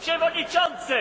Przewodniczący!